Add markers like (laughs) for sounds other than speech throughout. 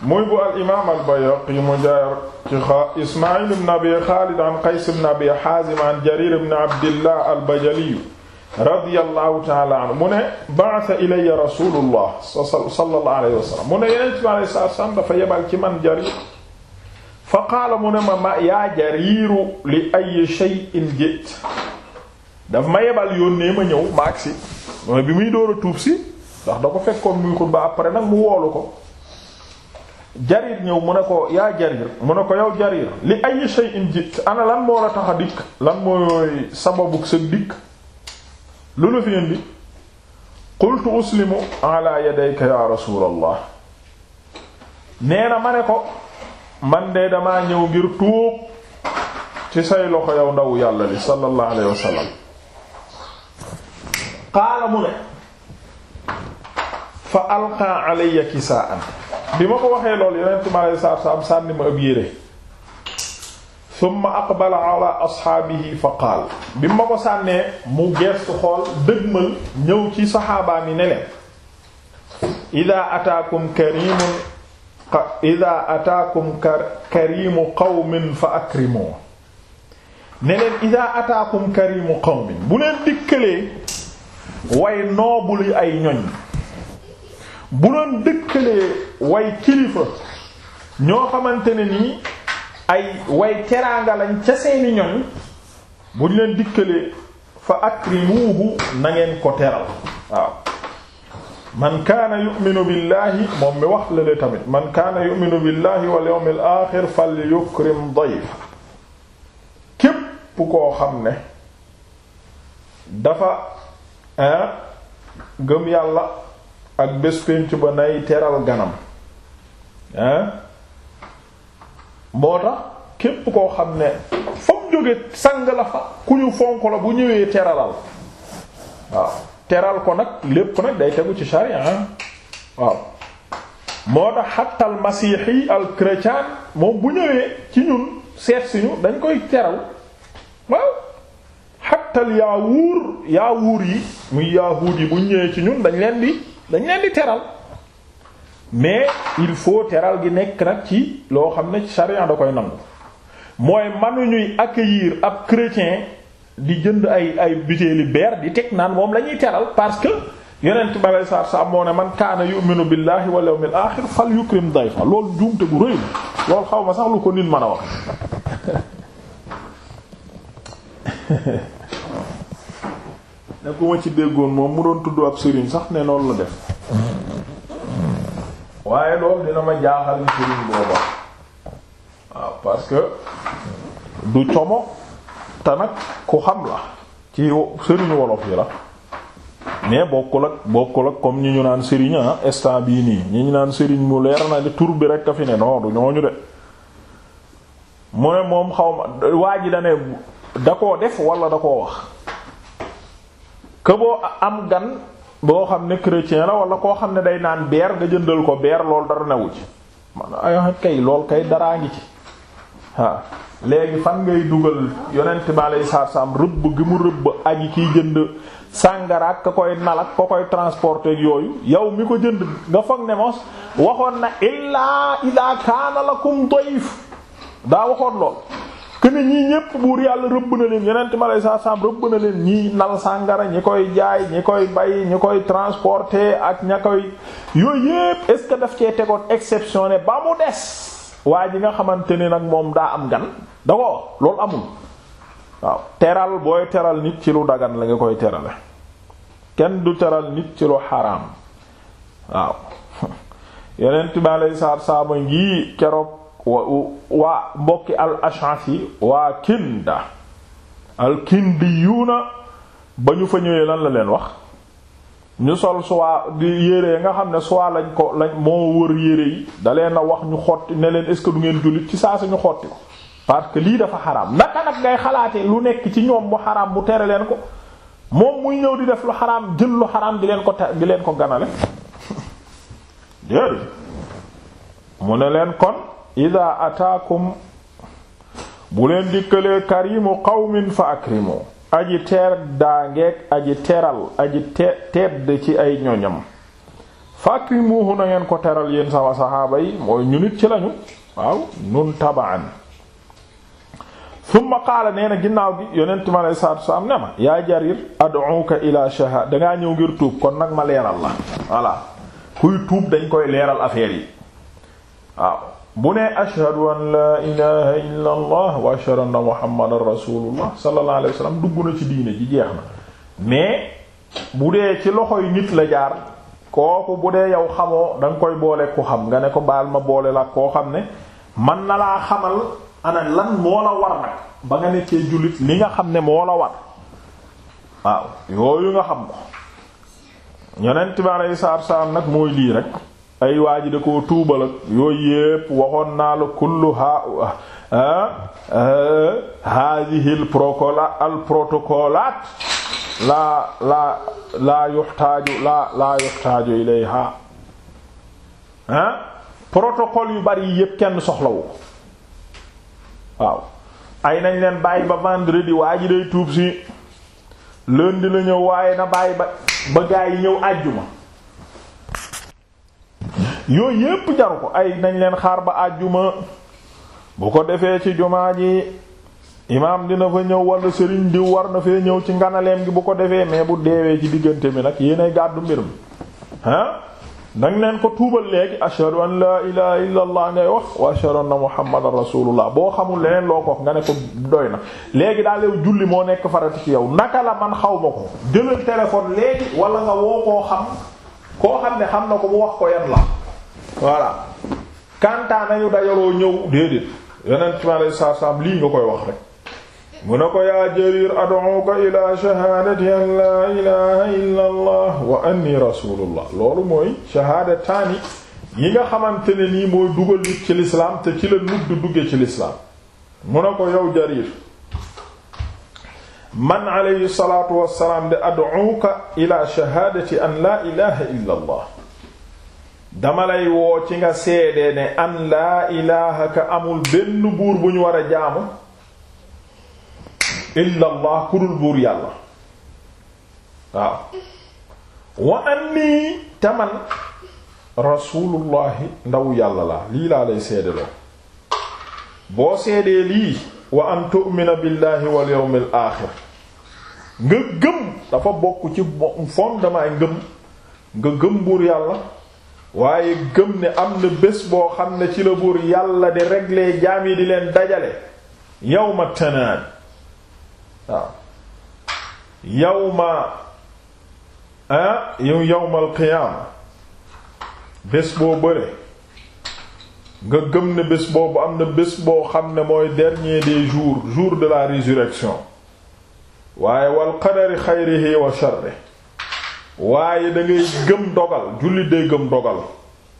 muy bu al imaam al Bayhaqi mu jaar ci Ismaïl ibn Abi Xaalid an Qays ibn Abi Haazim an Jariir ibn Abdillah al Bajali radiyallahu ta'ala anhu mu ne ba'atha ilayya rasulullah sallallahu alayhi wa sallam mu ne yeneen ci ma alayhi salaam dafa yebal ci man Jariir fa qaala mu ne ma ma yaa Jariiru li ayyi shay'in ji'ta dafa ma yebal yónnee ma ñëw ma agsi mooy bi muy door a tuub si ndax da ko fekkoon muy xutba après nag mu woolu ko. jarir ñëw mu ne ko yaa jarir mu ne ko yow jarir li ay shay'in jit ana lan moo la tax a dikk lan mooy sababu sa dikk lu la fi indi qultu uslimu ala yadayka ya rasulallah nee na ma ne ko man de damaa ñëw ngir tuub ci say loxo yow ndawu yàlla li sallallahu alayhi wasallam qaala mu ne fa alqa alayya kisaan bi ma ko waxee lool yonent ma lay saab saab sànni ma ab yére summa aqbala ala asxaabihi fa qaal bi ma ko sànnee mu geestu xool dëgmal ñëw ci saxaabaa yi ne leen ida ataakum karimun ida fa ak ne leen ida ataakum karimu qawmin bu leen dikkalee way noobul ay ñoñ bu doon dëkkalee way kilifa ñoo xamante ne nii ay way teraanga lañ ca seeni ñoñ bu di leen dikkalee fa akrimuhu na ngeen ko teral waaw man kaana yu'minu billahi moom mi wax la le tamit man kaana yu'minu billahi wal yawmil aaxir falyukrim képp koo xam ne dafa ah, gëm yàlla ak bés pénc ba nay teral ganam hein moo tax képp koo xam ne fa mu jóge sang la fa ku ñu fonk la bu ñëwee teralal waaw teral ko nag lépp nag day tegu ci sharia waaw moo tax xatta masiixi al chrétien moom bu ñëwee ci ñun seet si ñu dañ koy teral waaw xatta al yaawuur yaawuur yi muy yahuud yi bu ñëwee ci ñun dañ leen di dañ leen di teral mais il faut teral gi nekk nag ci loo xam ne charia da koy nangu mooy manu ñuy accueillir ab chrétien di jënd ay ay butéeli beer di teg naan moom la ñuy teral parce que yonent balay sar sa moo ne man kaana yu'minu billahi wal yawmil axir fal yukrim dayfa loolu juumte gu rëy la loolu xaw ma sax lu ko nit mën a wax (laughs) ne ku ma ci déggoon moom mu doon tudd ab sëriñ sax ne noonu la def waaye loolu dina ma jaaxal ni sëriñ booba waaw parce que du como te nag ku xam la ci sëriñu wolof yi la mais bokkul ak bokkul ak comme ñi ñu naan sëriñ ah instant bii nii ñi ñu naan sëriñ mu leer na di bi rek a fi ne non du ñooñu de mu moom xawma waa ji da ne da koo def wala da koo wax. que am gan boo xam ne chrétien la wala koo xam ne day naan beer nga jëndal ko beer loolu dara newu ci man ay kay lool kay daraa ngi ci waaw léegi fan ngay dugal yonent bi aleyhi salaatu salaam rëbb gi mu rëbb aji kiy jënd sàngara ak ka koy nalak ka koy transporter yooyu yow mi ko jënd nga foog ne mos waxoon na illaa idaa kaana lakum dayf daa waxoon lool que ne ñii ñépp buur yàlla rëbb na leen yeneen ma lay saa saam rëbb na leen ñii nal sàngara ñi koy jaay ñi koy bay ñi koy transporté ak ña koy yooyu yépp ce que daf cee tegoon exception ne ba mu des waa ji nga xamante ni nag moom daa am gan da loolu amul waaw teral booy teral nit ci lu dagan la nga koy terale kenn du teral nit ci lu xaraam waaw yeneen lay saa saama ngi keroog waa waa mbokki al ash'ath yi waa kinda al yuuna ba ñu fa ñëwee lan la leen wax ñu sol suwaa di yére nga xam ne suwaa lañ ko lañ moo wër yére yi dalee na wax ñu xotti ne leen est-ce que du ngeen jullit ci saa si ñu xotti ko parce que lii dafa xaraam naka nag ngay xalaatee lu nekk ci ñoom mu xaraam bu tere leen ko moom muy ñëw di def lu xaraam jël lu xaraam di leen ko te di leen ko ganale (laughs) déedéet mu ne leen kon ida ataakum bu leen dikkalee karimu qawmin fa akrimu aji teer daangeeg aji teral aji tedd ci ay ñoñam fa akrimuhu na ngeen ko teral yéen sama saxaaba yi mooy ñu nit ci lañu waaw nun tabaan summa qaala nee ginnaaw bi yonent ma lay saatu sa am ne ma yaa jarir ad'uka ila shaha dangaa ñëw ngir tuub kon nag ma leeral la voilà kuy tuub dañ koy leeral affaire yi waaw bu ne ashhadu an laa ilaha illa allah wa ashhadu anna muhammadan rasulullah sallallahu alayhi wa sallam dugg na ci diine ji jeex na mais bu dee ci loxo loxoy nit la jaar kooku bu dee yow xamoo danga koy boole ku xam nga ne ko baal ma boole la koo xam ne man na laa xamal ana lan moo la war nag ba nga nekkee jullit li nga xam ne moo la war waaw yooyu nga xam ko yonent bi alayhi salaatu wa nag mooy lii rek ay waa ji da koo tuubal ak yooyu yépp waxoon naa la kullu ha haadihi l procola al protocolaat laa laa laa yuxtaaju laa laa yuxtaaju ilayha ah yu bari yi yépp kenn soxlawu ko waaw ay nañ leen bàyyi ba vendredi waa ji day tuub si lundi la ñëw waaye na bàyyi ba ba gaa yi ñëw àjjuma yooyu yépp jaru ko ay nañ leen xaar ba àjjuma bu ko defee ci jumaa ji imaam dina fa ñëw wala sëriñ diw war na fee ñëw ci nganaleem gi bu ko defee mais bu deewee ci diggante bi nag yéenay gàddu mbir mi ah dang leen ko tuubal léegi ashhadu an la ilaha illa allah ngay wax wa ashhadu anna muhammadan rasulullah boo xamul leneen loo ko nga ne ko doy na léegi daal yow julli moo nekk farati ci yow naka la man xaw ma ko jëlal téléphone léegi walla nga woo koo xam koo xam ne xam na ko bu la voilà kantaa nañu dajaloo ñëw déedéet yeneen ma lay saab lii nga koy wax rek mu ne ko yaa Jarir ad'uka ila shahaadati an laa ilaha illa allah wa anni rasulullah loolu mooy shahaadataani yi nga xamante ne nii mooy dugal nit ci lislaam te ci la nudd dugge ci lislaam mu ne ko yow Jarir man alayhi salatu wassalaam de ad'uka ila shahaadati an laa ilaha illa dama lay woo ci nga seede ne an laa ilaha ka amul benn buur bu ñu war a jaamu illa ku dul buur yàlla waaw wa anni taman rasulullahi ndaw yàlla la lii laa lay seede loo boo seedee lii wa an tu'mina billahi wal yawmil aaxir nga gëm dafa bokk ci forme damay ngëm nga gëm buur yàlla waaye gëm ni am na bés boo xam ne ci la buur yàlla di régler jaam yi di leen dajale yawma tanaad waaw yawma ah yow yawmal qiyaama bés boo bëre nga gëm ne bés boobu am na bés boo xam ne mooy dernier des jours jour de la résurrection waaye wal qadari xayrihi wa waaye da gëm dogal jullit day gëm dogal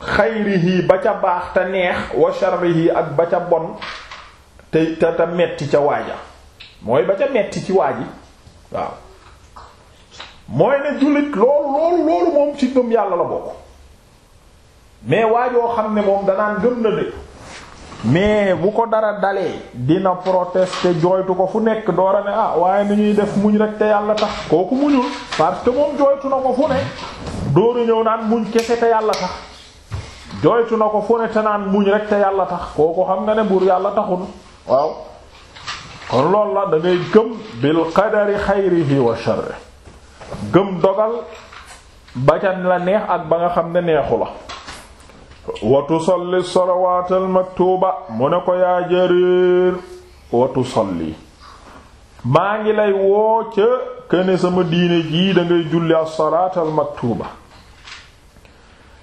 xayrihi ba ca baax te neex wa sharrihi ak ba ca bon te te te metti ca waaja mooy ba ca metti ci waaji waaw mooy ne jullit loolu loolu loolu moom ci gëm yàlla la bokk mais waajoo xam ne moom danaan gëm na de mais bu ko dara dalee dina protester jooytu ko fu nekk doora ne ah waaye ni ñuy def muñ rek te yàlla tax kooku muñul parce que moom jooytu na ko fu ne dooru ñëw naan muñ kese te yàlla tax jooytu na ko fu ne te naan muñ rek te yàlla tax kooku xam nga ne buur yàlla taxul waaw kon loolu la da gëm bil qadari xayrihi wa sharri gëm dogal ba ca la neex ak ba nga xam ne neexu la wa tusalli salawaat almaktuuba mu ne ko yaa Jariir wa tusalli maa ngi lay woo ca këne sama diine jii dangay julli as-salaat almaktuuba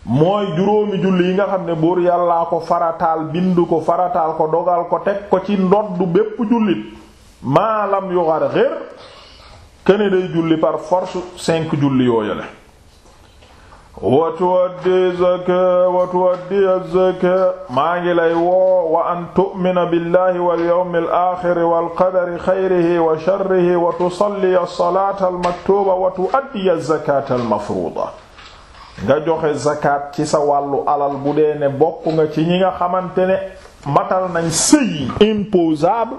mooy juróomi julli yi nga xam ne buur yàllaa ko farataal bindu ko farataal ko dogal ko teg ko ci ndoddu bépp jullit maalam yu xar xér këne day julli par force cinq julli yooyale wa tuwaddi zaka wa tuwaddi zaka maa ngi lay woo wa an tu'mina billahi wal yawmil aaxir wal qadari xayrihi wa sharrihi wa tusalli as-salaata al-maktuuba wa tuaddi az-zakaata nga joxe zakat ci sa wàllu alal bu dee ne bokk ci ñi nga xamante ne matal nañ sëy imposable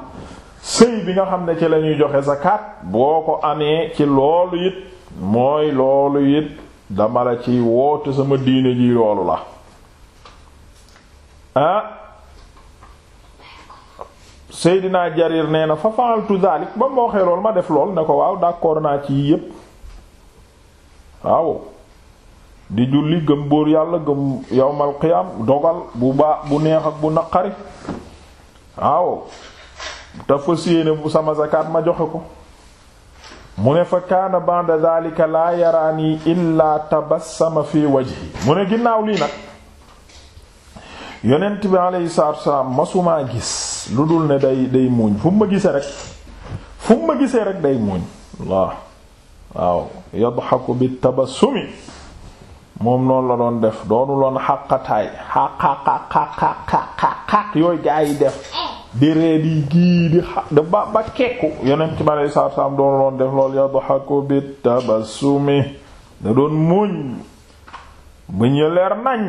sëy bi nga xam ne ci la ñuy joxe zakat boo ko ci loolu it mooy loolu it dama la ci woote sama diine ji loolu la ah Seydina Jarir nee na fa fa'altu dhalik ba ma waxee ma def lool ne ko waaw d'accord naa ci yii yépp waaw di julli gëm bóor yàlla gëm yawmal qiyam dogal bu baax bu neex ak bu naqari waaw te fas yéene bu sama zakat ma joxe ko mu ne fa kaana ba'da dhalika laa yaraani illaa tabassama fi wajhi mu ne ginnaaw lii nag yonent bi alayhi salaatu masumaa gis lu dul ne day day muuñ fu ma gisee rek fu ma gisee rek day muuñ waaw waaw la doon def doonu loon xaqataay xaq xaq yooyu gaa yi def di ree di gii di xa da ba ba kekku yonent mi aleyhi salaatu salaam doon loon def lool yadhaku bi tabassumi da doon muñ bu ñu leer nañ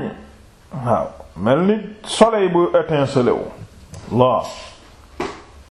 waaw mel ni soleil bu étincelé wu waaw